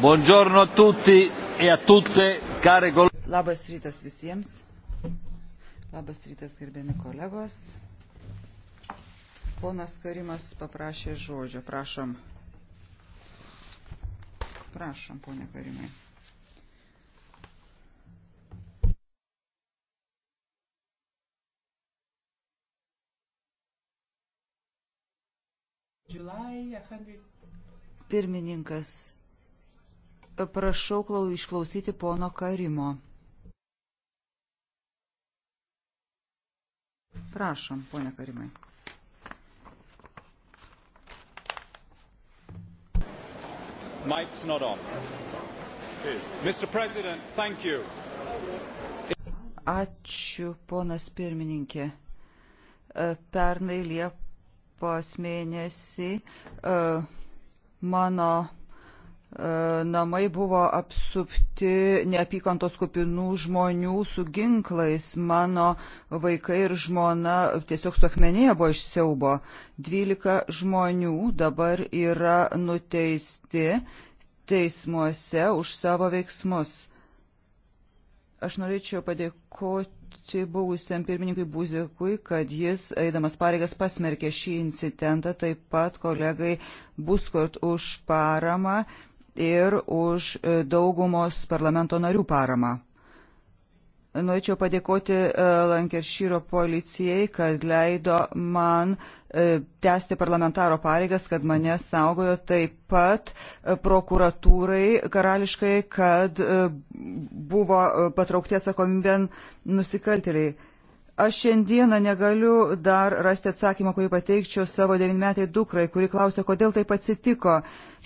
Buongiorno a tutti e a tutte, care kolegos. Labas rytas visiems. Labas rytas, gerbiami kolegos. Ponas Karimas paprašė žodžio. Prašom. Prašom, ponė Karimai. Pirmininkas, prašau klau, išklausyti pono Karimo. Prašom, pone Karimai. Mike's not on. Mr. President, thank you. Ačiū, ponas pirmininkė. Pernai Liepą Liepos mėnesį e, mano e, namai buvo apsupti neapykantos kupinų žmonių su ginklais. Mano vaikai ir žmona tiesiog suakmenėje buvo iš siaubo. 12 žmonių dabar yra nuteisti teismuose už savo veiksmus. Aš norėčiau padėkoti padėkoti buvusiam pirmininkui Buzikui, kad jis, eidamas pareigas, pasmerkė šį incidentą, taip pat kolegai Buskort už paramą ir už e, daugumos parlamento narių paramą. Norėčiau padėkoti e, Lankeršyro policijai, kad leido man e, tęsti parlamentaro pareigas, kad mane saugojo taip pat e, prokuratūrai karališkai, kad buvo patraukti atsakomybėn nusikaltėliai. Aš šiandieną negaliu dar rasti atsakymą, kurį pateikčiau savo devinmetai dukrai, kuri klausė, kodėl taip atsitiko.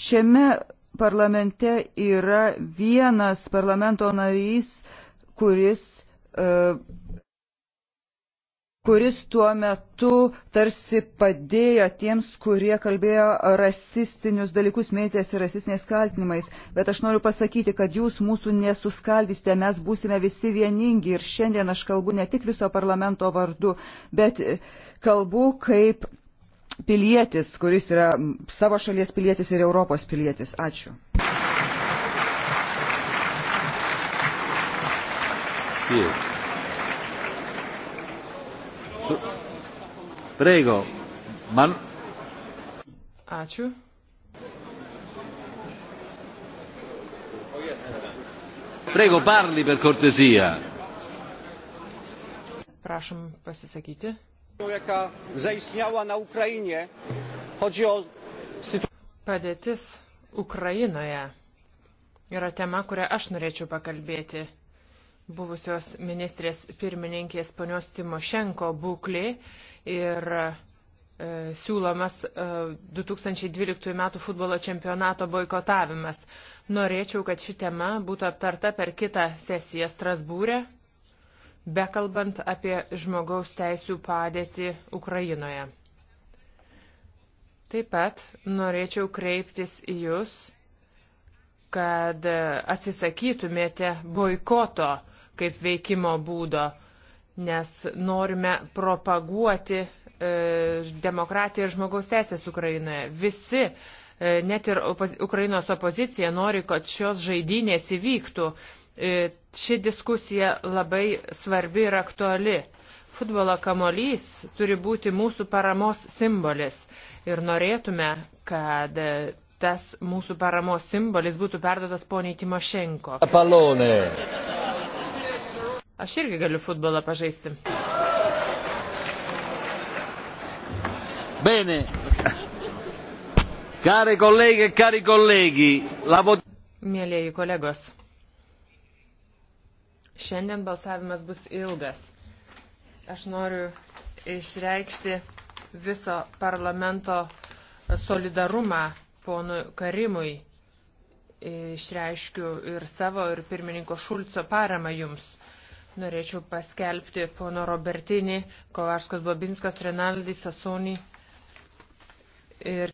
Šiame parlamente yra vienas parlamento narys, kuris, e, kuris tuo metu tarsi padėjo tiems, kurie kalbėjo rasistinius dalykus, mėtėsi rasistiniais kaltinimais. Bet aš noriu pasakyti, kad jūs mūsų nesuskaldysite, mes būsime visi vieningi. Ir šiandien aš kalbu ne tik viso parlamento vardu, bet e, kalbu kaip pilietis, kuris yra savo šalies pilietis ir Europos pilietis. Ačiū. piedi. Prego. Man... Ačiū. Prego, parli per cortesia. Prašom pasisakyti. Jaka zaistniała na Ukrainie. Chodzi o Padėtis Ukrainoje yra tema, kurią aš norėčiau pakalbėti buvusios ministrės pirmininkės ponios Timošenko būklė ir e, siūlomas e, 2012 m. futbolo čempionato boikotavimas. Norėčiau, kad ši tema būtų aptarta per kitą sesiją Strasbūrė, bekalbant apie žmogaus teisų padėtį Ukrainoje. Taip pat norėčiau kreiptis į Jūs kad atsisakytumėte boikoto kaip veikimo būdo, nes norime propaguoti e, demokratiją ir žmogaus teisės Ukrainoje. Visi, e, net ir opoz Ukrainos opozicija, nori, kad šios žaidynės įvyktų. E, ši diskusija labai svarbi ir aktuali. Futbolo kamolys turi būti mūsų paramos simbolis ir norėtume, kad e, tas mūsų paramos simbolis būtų perdotas poniai Timošenko. Palonė. Aš irgi galiu futbolą pažaisti. Bene. Kari e kolegė, kari kolegį. Labo... Mėlėjai kolegos. Šiandien balsavimas bus ilgas. Aš noriu išreikšti viso parlamento solidarumą ponui Karimui. Išreiškiu ir savo, ir pirmininko Šulco paramą jums. Norėčiau paskelbti pono Robertinį, Kovarskos Bobinskas, Renaldį Sasonį ir